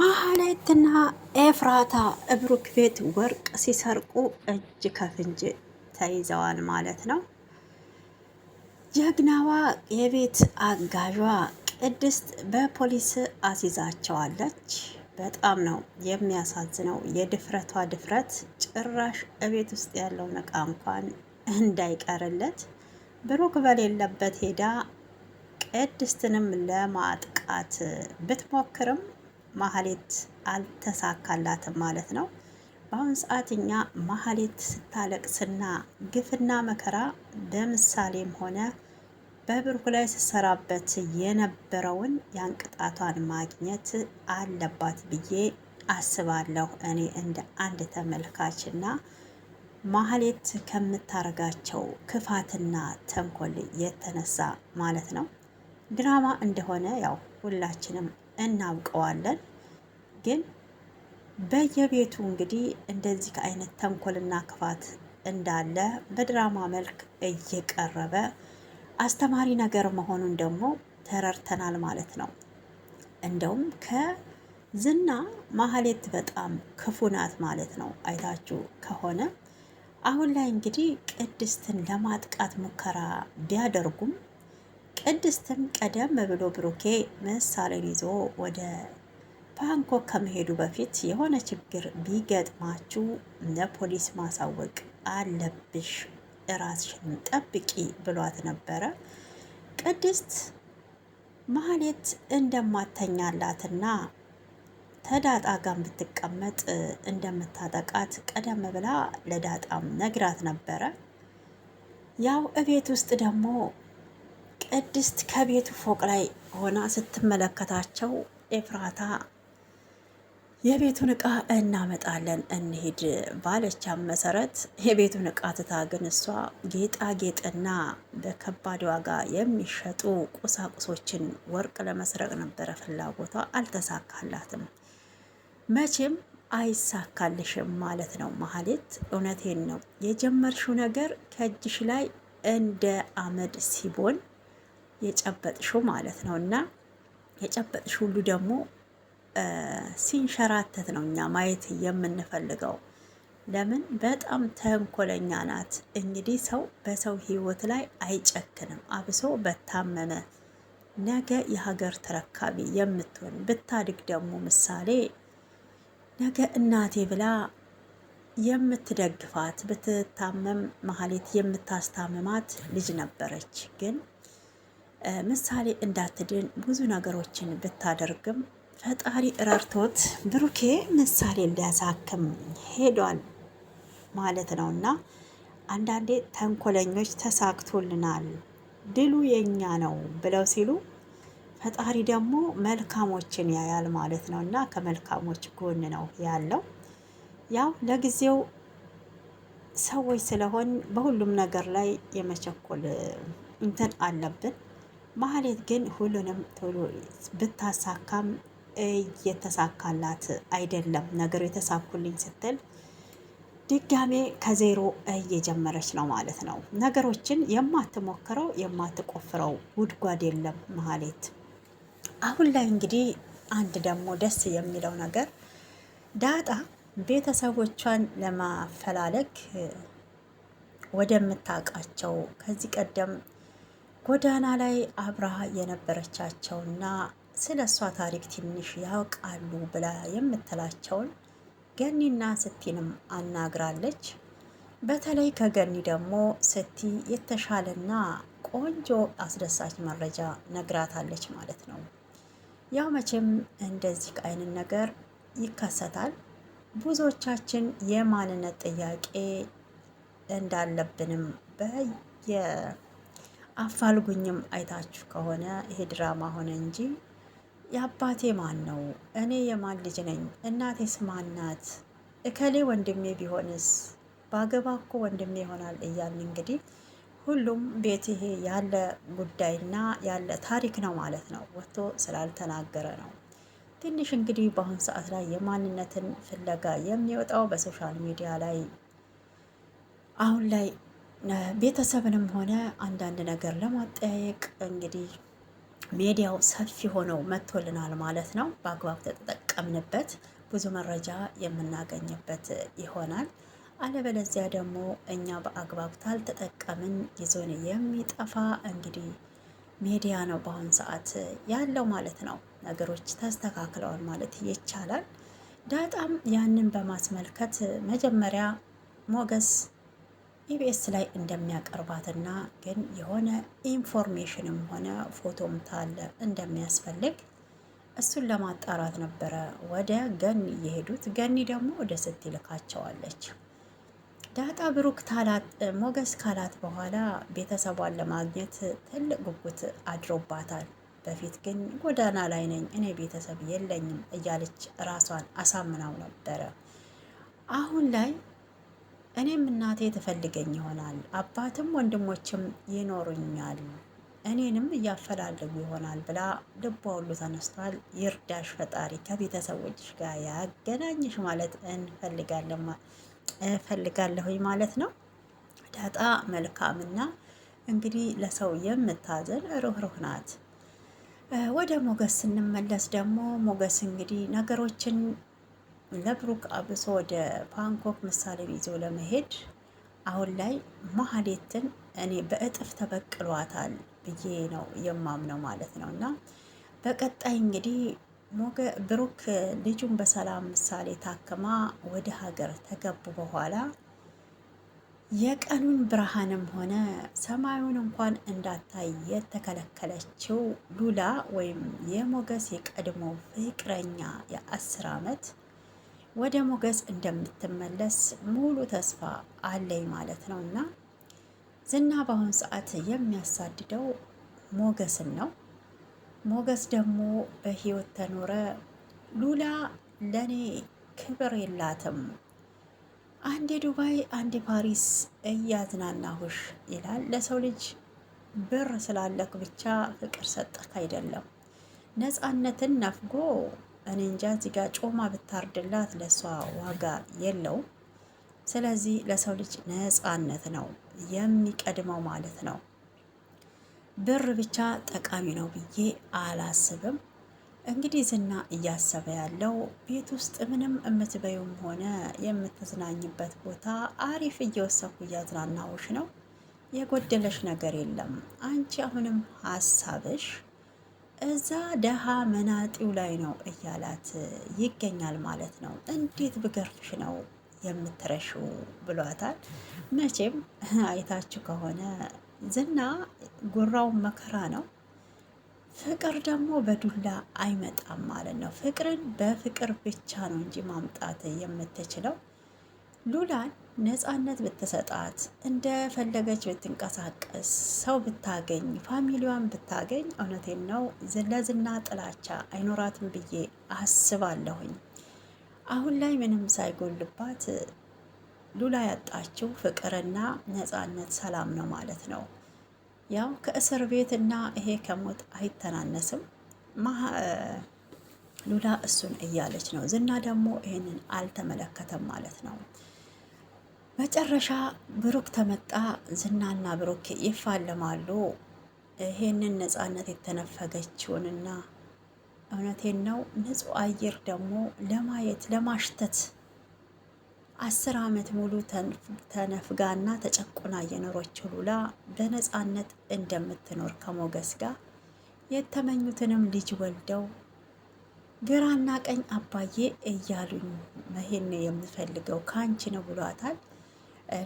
ማህሌትና ኤፍራታ ብሩክ ቤት ወርቅ ሲሰርቁ እጅ ከፍንጅ ተይዘዋል ማለት ነው። ጀግናዋ የቤት አጋዧ ቅድስት በፖሊስ አስይዛቸዋለች። በጣም ነው የሚያሳዝነው የድፍረቷ ድፍረት። ጭራሽ እቤት ውስጥ ያለውን እቃ እንኳን እንዳይቀርለት ብሩክ በሌለበት ሄዳ ቅድስትንም ለማጥቃት ብትሞክርም ማህሌት አልተሳካላትም ማለት ነው። በአሁኑ ሰዓት እኛ ማህሌት ስታለቅስና ግፍና መከራ በምሳሌም ሆነ በብርኩ ላይ ስትሰራበት የነበረውን ያን ማግኘት አለባት ብዬ አስባለሁ። እኔ እንደ አንድ ተመልካችና ማህሌት ከምታረጋቸው ክፋትና ተንኮል የተነሳ ማለት ነው። ድራማ እንደሆነ ያው ሁላችንም እናውቀዋለን። ግን በየቤቱ እንግዲህ እንደዚህ ከአይነት ተንኮልና ክፋት እንዳለ በድራማ መልክ እየቀረበ አስተማሪ ነገር መሆኑን ደግሞ ተረድተናል ማለት ነው። እንደውም ከዝና ማህሌት በጣም ክፉ ናት ማለት ነው። አይታችሁ ከሆነ አሁን ላይ እንግዲህ ቅድስትን ለማጥቃት ሙከራ ቢያደርጉም ቅድስትም ቀደም ብሎ ብሩኬ ምሳሌን ይዞ ወደ ባንኮክ ከመሄዱ በፊት የሆነ ችግር ቢገጥማችሁ ለፖሊስ ማሳወቅ አለብሽ፣ እራስሽን ጠብቂ ብሏት ነበረ። ቅድስት ማህሌት እንደማተኛላትና ተዳጣ ጋር ብትቀመጥ እንደምታጠቃት ቀደም ብላ ለዳጣም ነግራት ነበረ። ያው እቤት ውስጥ ደግሞ ቅድስት ከቤቱ ፎቅ ላይ ሆና ስትመለከታቸው ኤፍራታ የቤቱን እቃ እናመጣለን እንሂድ ባለቻ መሰረት የቤቱን እቃ ትታ ግን እሷ ጌጣጌጥና በከባድ ዋጋ የሚሸጡ ቁሳቁሶችን ወርቅ ለመስረቅ ነበረ ፍላጎቷ። አልተሳካላትም። መቼም አይሳካልሽም ማለት ነው መሀሌት፣ እውነቴን ነው። የጀመርሽው ነገር ከእጅሽ ላይ እንደ አመድ ሲቦን የጨበጥሽው ማለት ነው። እና የጨበጥሽ ሁሉ ደግሞ ሲንሸራተት ነው እኛ ማየት የምንፈልገው። ለምን በጣም ተንኮለኛ ናት። እንግዲህ ሰው በሰው ህይወት ላይ አይጨክንም። አብሶ በታመመ ነገ የሀገር ተረካቢ የምትሆን ብታድግ ደግሞ ምሳሌ ነገ እናቴ ብላ የምትደግፋት ብትታመም መሀሌት የምታስታምማት ልጅ ነበረች ግን ምሳሌ እንዳትድን ብዙ ነገሮችን ብታደርግም ፈጣሪ ረርቶት ብሩኬ ምሳሌ እንዲያሳክም ሄዷል ማለት ነው። እና አንዳንዴ ተንኮለኞች ተሳክቶልናል ድሉ የኛ ነው ብለው ሲሉ ፈጣሪ ደግሞ መልካሞችን ያያል ማለት ነው እና ከመልካሞች ጎን ነው ያለው። ያው ለጊዜው ሰዎች ስለሆን በሁሉም ነገር ላይ የመቸኮል እንትን አለብን። ማህሌት ግን ሁሉንም ቶሎ ብታሳካም እየተሳካላት አይደለም። ነገሩ የተሳኩልኝ ስትል ድጋሜ ከዜሮ እየጀመረች ነው ማለት ነው። ነገሮችን የማትሞክረው የማትቆፍረው ጉድጓድ የለም ማህሌት። አሁን ላይ እንግዲህ አንድ ደግሞ ደስ የሚለው ነገር ዳጣ ቤተሰቦቿን ለማፈላለግ ወደምታውቃቸው ከዚህ ቀደም ጎዳና ላይ አብራ የነበረቻቸውና ስለ እሷ ታሪክ ትንሽ ያውቃሉ ብላ የምትላቸውን ገኒና ስቲንም አናግራለች። በተለይ ከገኒ ደግሞ ስቲ የተሻለና ቆንጆ አስደሳች መረጃ ነግራታለች ማለት ነው። ያው መቼም እንደዚህ አይነት ነገር ይከሰታል። ብዙዎቻችን የማንነት ጥያቄ እንዳለብንም በየ አፋልጉኝም አይታችሁ ከሆነ ይሄ ድራማ ሆነ እንጂ የአባቴ ማን ነው? እኔ የማን ልጅ ነኝ? እናቴስ ማን ናት? እከሌ ወንድሜ ቢሆንስ? ባገባ እኮ ወንድሜ ይሆናል እያልን እንግዲህ ሁሉም ቤት ይሄ ያለ ጉዳይና ያለ ታሪክ ነው ማለት ነው። ወጥቶ ስላልተናገረ ነው። ትንሽ እንግዲህ በአሁኑ ሰዓት ላይ የማንነትን ፍለጋ የሚወጣው በሶሻል ሚዲያ ላይ አሁን ላይ ቤተሰብንም ሆነ አንዳንድ ነገር ለማጠያየቅ እንግዲህ ሜዲያው ሰፊ ሆነው መጥቶልናል ማለት ነው። በአግባብ ተጠቀምንበት ብዙ መረጃ የምናገኝበት ይሆናል። አለበለዚያ ደግሞ እኛ በአግባብ ታልተጠቀምን ይዞን የሚጠፋ እንግዲህ ሚዲያ ነው በአሁን ሰዓት ያለው ማለት ነው። ነገሮች ተስተካክለዋል ማለት ይቻላል። ዳጣም ያንን በማስመልከት መጀመሪያ ሞገስ ኢቢኤስ ላይ እንደሚያቀርባትና ግን የሆነ ኢንፎርሜሽንም ሆነ ፎቶም ታለ እንደሚያስፈልግ እሱን ለማጣራት ነበረ ወደ ገኒ የሄዱት። ገኒ ደግሞ ወደ ስት ይልካቸዋለች። ዳጣ ብሩክ ታላት ሞገስ ካላት በኋላ ቤተሰቧን ለማግኘት ትልቅ ጉጉት አድሮባታል። በፊት ግን ጎዳና ላይ ነኝ እኔ ቤተሰብ የለኝም እያለች ራሷን አሳምናው ነበረ። አሁን ላይ እኔም እናቴ ትፈልገኝ ይሆናል፣ አባትም ወንድሞችም ይኖሩኛል፣ እኔንም እያፈላለጉ ይሆናል ብላ ልቧ ሁሉ ተነስቷል። ይርዳሽ ፈጣሪ ከቤተሰቦችሽ ጋር ያገናኝሽ ማለት እንፈልጋለሁኝ ማለት ነው። ዳጣ መልካምና እንግዲህ ለሰው የምታዘን ሩህሩህ ናት። ወደ ሞገስ ስንመለስ ደግሞ ሞገስ እንግዲህ ነገሮችን ለብሩክ አብሶ ወደ ባንኮክ ምሳሌ ይዞ ለመሄድ አሁን ላይ ማህሌትን እኔ በእጥፍ ተበቅሏታል ብዬ ነው የማምነው ማለት ነው። እና በቀጣይ እንግዲህ ሞገ ብሩክ ልጁን በሰላም ምሳሌ ታክማ ወደ ሀገር ተገቡ በኋላ የቀኑን ብርሃንም ሆነ ሰማዩን እንኳን እንዳታይ የተከለከለችው ሉላ ወይም የሞገስ የቀድሞ ፍቅረኛ የአስር ዓመት ወደ ሞገስ እንደምትመለስ ሙሉ ተስፋ አለኝ ማለት ነው። እና ዝና በአሁኑ ሰዓት የሚያሳድደው ሞገስን ነው። ሞገስ ደግሞ በህይወት ተኖረ ሉላ ለእኔ ክብር የላትም፣ አንዴ ዱባይ አንዴ ፓሪስ እያዝናናሁሽ ይላል። ለሰው ልጅ ብር ስላለክ ብቻ ፍቅር ሰጠክ አይደለም። ነፃነትን ነፍጎ እኔ እንጃ እዚህ ጋር ጮማ ብታርድላት ለእሷ ዋጋ የለውም። ስለዚህ ለሰው ልጅ ነፃነት ነው የሚቀድመው ማለት ነው። ብር ብቻ ጠቃሚ ነው ብዬ አላስብም። እንግዲህ ዝና እያሰበ ያለው ቤት ውስጥ ምንም የምትበዩም ሆነ የምትዝናኝበት ቦታ አሪፍ እየወሰኩ እያዝናናሁሽ ነው። የጎደለሽ ነገር የለም። አንቺ አሁንም ሀሳብሽ እዛ ደሃ መናጢው ላይ ነው እያላት ይገኛል ማለት ነው። እንዴት ብገርፍሽ ነው የምትረሺው ብሏታል። መቼም አይታችሁ ከሆነ ዝና ጉራውን መከራ ነው። ፍቅር ደግሞ በዱላ አይመጣም ማለት ነው። ፍቅርን በፍቅር ብቻ ነው እንጂ ማምጣት የምትችለው ሉላን ነፃነት ብትሰጣት እንደፈለገች ብትንቀሳቀስ ሰው ብታገኝ ፋሚሊዋን ብታገኝ እውነቴን ነው ለዝና ጥላቻ አይኖራትም ብዬ አስባለሁኝ። አሁን ላይ ምንም ሳይጎልባት ሉላ ያጣችው ፍቅርና ነፃነት ሰላም ነው ማለት ነው። ያው ከእስር ቤት እና ይሄ ከሞት አይተናነስም። ሉላ እሱን እያለች ነው፣ ዝና ደግሞ ይህንን አልተመለከተም ማለት ነው። መጨረሻ ብሩክ ተመጣ። ዝናና ብሩክ ይፋለማሉ። ይሄንን ነፃነት የተነፈገችውንና እውነቴን ነው ንጹህ አየር ደግሞ ለማየት ለማሽተት አስር ዓመት ሙሉ ተነፍጋና ተጨቁና የኖረችው ሉላ በነፃነት እንደምትኖር ከሞገስ ጋር የተመኙትንም ልጅ ወልደው ግራና ቀኝ አባዬ እያሉኝ መሄን የምፈልገው ከአንቺ ነው ብሏታል።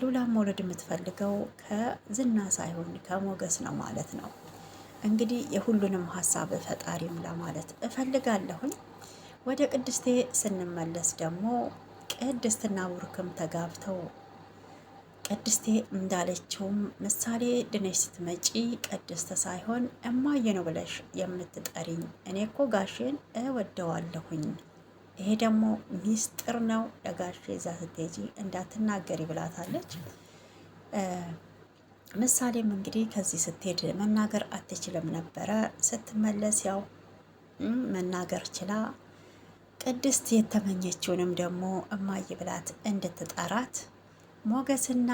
ሉላ መውለድ የምትፈልገው ከዝና ሳይሆን ከሞገስ ነው ማለት ነው። እንግዲህ የሁሉንም ሀሳብ ፈጣሪ ሙላ ማለት እፈልጋለሁኝ። ወደ ቅድስቴ ስንመለስ ደግሞ ቅድስትና ቡርክም ተጋብተው ቅድስቴ እንዳለችውም ምሳሌ ድነሽ ስትመጪ ቅድስት ሳይሆን እማዬ ነው ብለሽ የምትጠሪኝ እኔ እኮ ጋሼን እወደዋለሁኝ ይሄ ደግሞ ሚስጥር ነው ለጋሼ እዛ ስትሄጂ እንዳትናገሪ ብላታለች። ምሳሌም እንግዲህ ከዚህ ስትሄድ መናገር አትችልም ነበረ። ስትመለስ ያው መናገር ችላ ቅድስት የተመኘችውንም ደግሞ እማዬ ብላት እንድትጠራት ሞገስና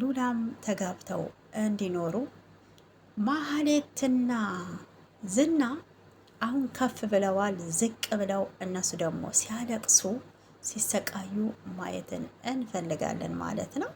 ሉላም ተጋብተው እንዲኖሩ ማህሌትና ዝና አሁን ከፍ ብለዋል፣ ዝቅ ብለው እነሱ ደግሞ ሲያለቅሱ ሲሰቃዩ ማየትን እንፈልጋለን ማለት ነው።